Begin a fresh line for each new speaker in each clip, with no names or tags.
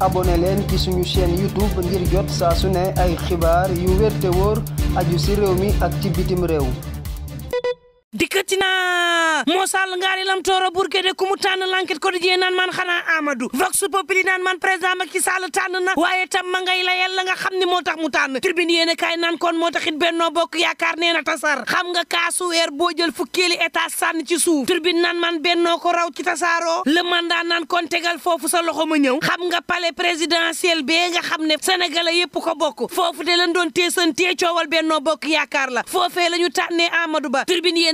abone leen ki suñu chaîne YouTube ngir jot saa su ne ay xibaar yu wér woor wóor ci réew mi ak ci bitim réew dikkati naa moo sall ngaari lam tooro burke de ku mu tànn l'enquête quotidien naan man xanaa amadou vox populi naan man président Macky Sall tànn na waaye tam ma ngay layal la nga xam ni moo tax mu tànn tribune yéen a kaay naan kon moo taxit bennoo bokk yaakaar nee na tasar xam nga kaasu weer boo jël fukkeeli état sànn ci suuf tribune naan man bennoo ko raw ci tasaaroo le mandat naan kon tegal foofu sa loxo ma ñëw xam nga palais présidentiel bee nga xam ne sénégalais yépp ko bokk foofu de lañ doon teesantee coowal bennoo bokk yaakaar la foofee ñu tànnee amadou ba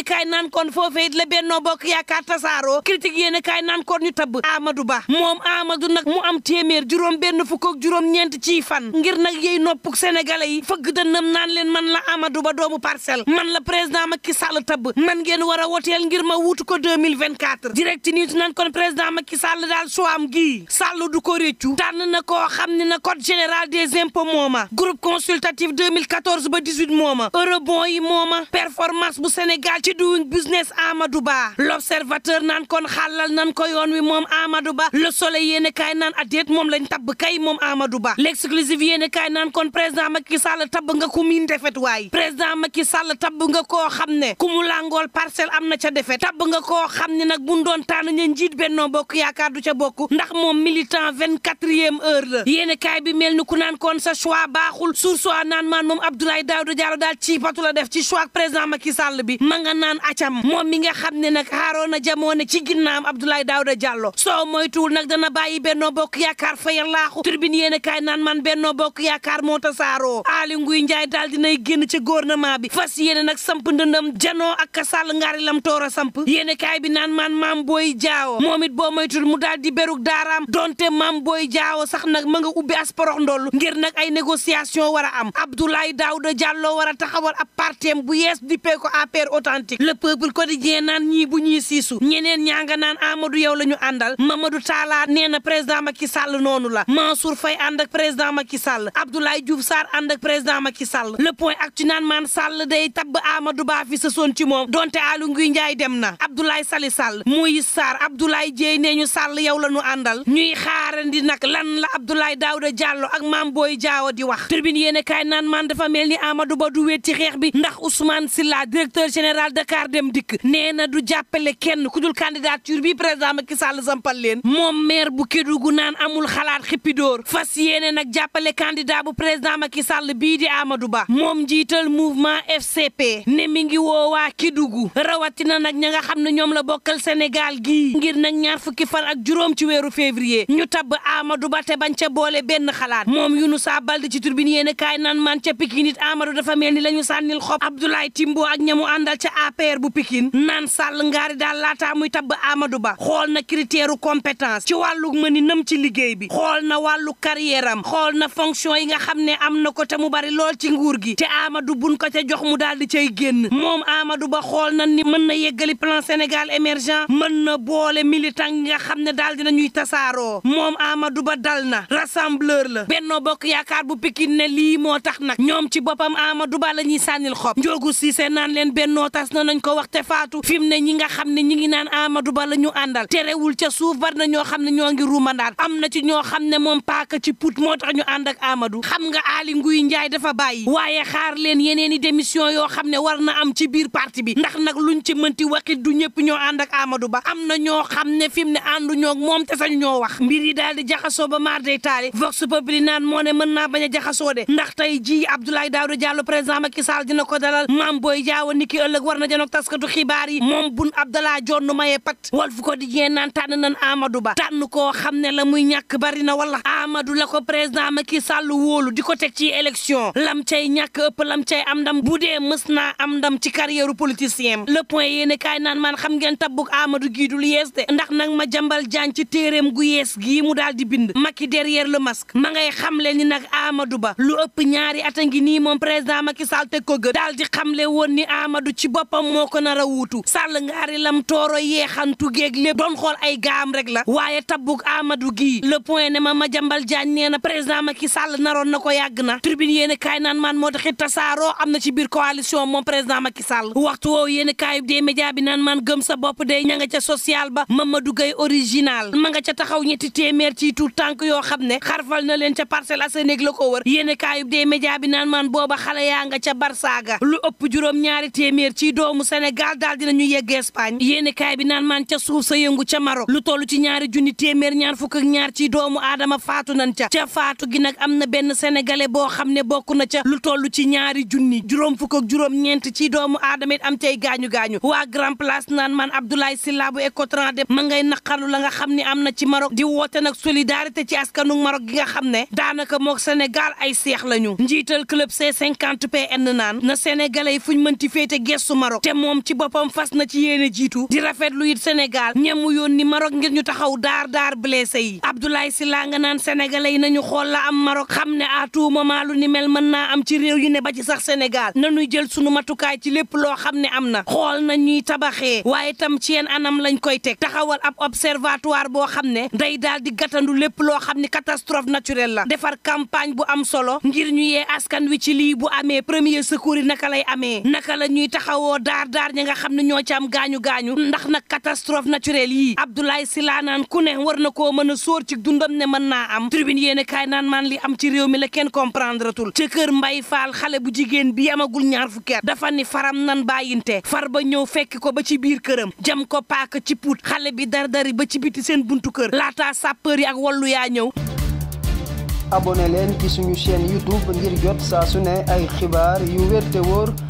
yéene kaay naan kon foofee it la bennoo bokk yaakaar tasaaroo critique yéene kaay naan kon ñu tabb Amadou Ba moom Amadou nag mu am téeméer juróom benn fukk ak juróom-ñeent ci fan ngir nag yey noppuk sénégalais yi fëgg dënnam naan leen man la Amadou Ba doomu parcelle man la président Macky Sall tabb man ngeen war a woteel ngir ma wuutu ko 2024 direct nitu naan kon président Macky Sall daal soo am gii Sall du ko réccu tànn na koo xam ne na code général des impôts mooma groupe consultatif 2014 ba 18 mooma eurobond yi mooma performance bu Sénégal ci doing business Amadou Ba l'observateur naan kon xàllal nan ko yoon wi moom Amadou Ba le soleil yéene kaay naan adeet moom lañ tabb kay moom Amadou Ba l'exclusive yéene kaay naan kon président Macky Sall tabb nga ku miin defet waay président Macky Sall tabb nga koo xam ne ku mu langool parcelle am na ca defet tabb nga koo xam ne nag buñ doon tànn ña njiit Benno Bokk Yaakaar du ca bokk ndax moom militant vingt-quatrième heure la yéene kaay bi mel ni ku naan kon sa choix baaxul sur soi naan maan moom Abdoulaye Daouda Diallo daal ci patu la def ci choix président Macky Sall bi ma naan acam moom mi nga xam ne nag Harouna Jamoo ne ci ginnaam Abdoulaye Daouda jàlloo soo moytuwul nag dana bàyyi Benno Bokk Yaakaar fayal laaxu turbine yéen a kaay naan man Benno Bokk Yaakaar moo tasaaroo Aly Ngouille Ndiaye daal nay génn ci gouvernement bi fas yéene nag samp ndëndam janoo ak ka sàll ngaari a samp yéen kaay bi naan man maam booy jaawo moom it boo moytuwul mu daal di beruk daaraam donte maam booy jaawo sax nag ma nga ubbi asporox ndollu ngir nag ay négociation war a am Abdoulaye Daouda Diallo war a taxawal ab partem bu yees di pee ko APR authentique politique le peuple quotidien naan ñii bu ñuy siisu ñeneen ñaa nga naan Amadou yow la ñu àndal Mamadou Talla nee na président Macky Sall noonu la Mansour fay ànd ak président Macky Sall Abdoulaye Diouf Sarr ànd ak président Macky Sall le ak actu naan maan Sall day tabb Amadou Ba fi sa son ci moom donte Aly Ngouille Ndiaye dem na Abdoulaye Sali Sall muy Sarr Abdoulaye Dieye nee ñu Sall yow la ñu àndal ñuy xaarandi nag lan la Abdoulaye Daouda Diallo ak Mame Boye Diao di wax tribune yéene kaay naan maan dafa mel ni Amadou Ba du wéet ci bi ndax Ousmane Sylla directeur général Dakar dem dikk nee na du jàppale kenn ku dul candidature bi président Macky Sall sampal leen moom maire bu Kédougou naan amul xalaat xippidoor fas yéene nag jàppale candidat bu président Macky Sall bii di Amadou Ba moom njiital mouvement FCP ne mi ngi woo waa Kédougou rawatina nag ña nga xam ne ñoom la bokkal Sénégal gii ngir nag ñaar fukki fan ak juróom ci weeru février ñu tabb Amadou Ba te bañ ca boole benn xalaat moom nu Younoussa Baldé ci turbine yéene kaay naan man ca Pikine it Amadou dafa mel ni la ñu sànnil xob Abdoulaye Timbo ak ñamu àndal ca APR bu Pikine naan Sall ngaari daal laataa muy tabb Amadou Ba xool na critère compétence ci wàllu mëninam ci liggéey bi xool na wàllu carrière xool na fonction yi nga xam ne am na ko te mu bari lool ci nguur gi te Amadou bun ko ca jox mu daal di cay génn moom Amadou Ba xool na ni mën na yeggali plan Sénégal émergent man na boole militant yi nga xam ne daal dina ñuy tasaaroo moom Amadou Ba dal na rassembleur la Benno Bokk Yaakaar bu Pikine ne lii moo tax na ñoom ci boppam mas na nañ ko waxte faatu fi mu ne ñi nga xam ne ñi ngi naan amadu Ba la ñu àndal terewul ca suuf bar na ñoo xam ne ñoo ngi ruumandaat am na ci ñoo xam ne moom paaka ci put moo tax ñu ànd ak Amadou xam nga Aly Ngouille Ndiaye dafa bàyyi waaye xaar leen yeneen i démission yoo xam ne war na am ci biir parti bi ndax nag luñ ci mënti waxit du ñëpp ñoo ànd ak Ba am na ñoo xam ne fi mu ne àndu ñoo moom te sañ ñoo wax mbir yi daal di jaxasoo ba maar day taali vox populi naan moo ne mën naa bañ a jaxasoo de ndax tey ji Abdoulaye Daouda Diallo président Macky Sall dina ko dalal maam Boye Diao niki ëllëg war na janoog taskatu xibaar yi moom bun Abdallah Jonn mayee pat Walf Quotidien naan tànn nan Amadou Ba tànn koo xam ne la muy ñàkk bari na wala Amadou la ko président maki sal woolu di ko teg ci élection lam cay ñàkk ëpp lam cay am ndam bu dee mës naa am ndam ci carrière politicien le point yéene kaay naan maan xam ngeen tabbuk Amadou gii dul yees de ndax nag ma jambal jaan ci téeréem gu yees gii mu daal di bind Macky derrière le masque ma ngay xamle ni nag amadu Ba lu ëpp ñaari at a ngi nii moom président Macky Sall teg ko gë daal di xamle ni Amadou ci bopp boppam moo ko nara a wuutu sàll ngaari lam tooro yeexantu géeg lépp doon xool ay gaam rek la waaye tabbug Amadou gii le point ne ma ma jambal jaan nee na président Macky Sall naroon na ko yàgg na tribune yéen kaay naan maan moo taxit tasaaroo am na ci biir coalition moom président Macky Sall waxtu yéen kaayub dee média bi naan maan gëm sa bopp day ña nga ca social ba Mamadou Gueye original ma nga ca taxaw ñetti téeméer ci tout tànk yoo xam ne xarfal na leen ca Parcelles Assainies la ko wër yéen kaayub dee média bi naan maan booba xale yaa nga ca Barsaga lu ëpp juróom ñaari téeméer ci doomu Sénégal daal dinañu yegg Espagne yéeni kaay bi naan maan ca suuf sa yëngu ca Maroc lu toll ci ñaari junni téeméer ñaar fukk ak ñaar ci doomu adama faatu nañ ca ca faatu gi nag am na benn sénégalais boo xam ne bokk na ca lu toll ci ñaari junni juróom fukk ak juróom ñeent ci doomu aadama it am cay gaañu-gaañu waa Grand Place naan maan Abdoulaye Sylla bu Écotran de ma ngay naqarlu la nga xam ne am na ci Maroc di woote nag solidarité ci askanu Maroc gi nga xam ne daanaka mook Sénégal ay seex lañu njiital club C50 PN naan na sénégalais Maroc te moom ci boppam fas na ci yéene jiitu di rafetlu it Sénégal ñemu yoon ni Maroc ngir ñu taxaw daar daar blessé yi Abdoulaye Sylla nga naan sénégalais yi nañu xool la am Maroc xam ne à tout moment lu ni mel mën naa am ci réew yu ne ba ci sax Sénégal nañuy jël sunu matukaay ci lépp loo xam ne am na xool na ñuy tabaxee waaye tam ci yenn anam lañ koy teg taxawal ab observatoire boo xam ne day daal di gàttandu lépp loo xam ne catastrophe naturel la defar campagne bu am solo ngir ñu yee askan wi ci lii bu amee premier secours naka lay amee naka la ñuy taxawoo daar daar ñi nga xam ne ñoo ci am gaañu-gaañu ndax nag catastrophe naturel yi Abdoulaye silaanaan naan ku ne war na koo mën a sóor ci dundam ne mën naa am tribune yéene kaay naan maan li am ci réew mi la kenn comprendre tul ca kër Mbay Faal xale bu jigéen bi amagul ñaar fukki at dafa ni faram nan bàyyinte far ba ñëw fekk ko ba ci biir këram jam ko paaka ci puut xale bi dar dar ba ci biti seen buntu kër laata sapeur yi ak wallu yaa ñëw abonné leen ci suñu chaîne xibaar yu wér te wóor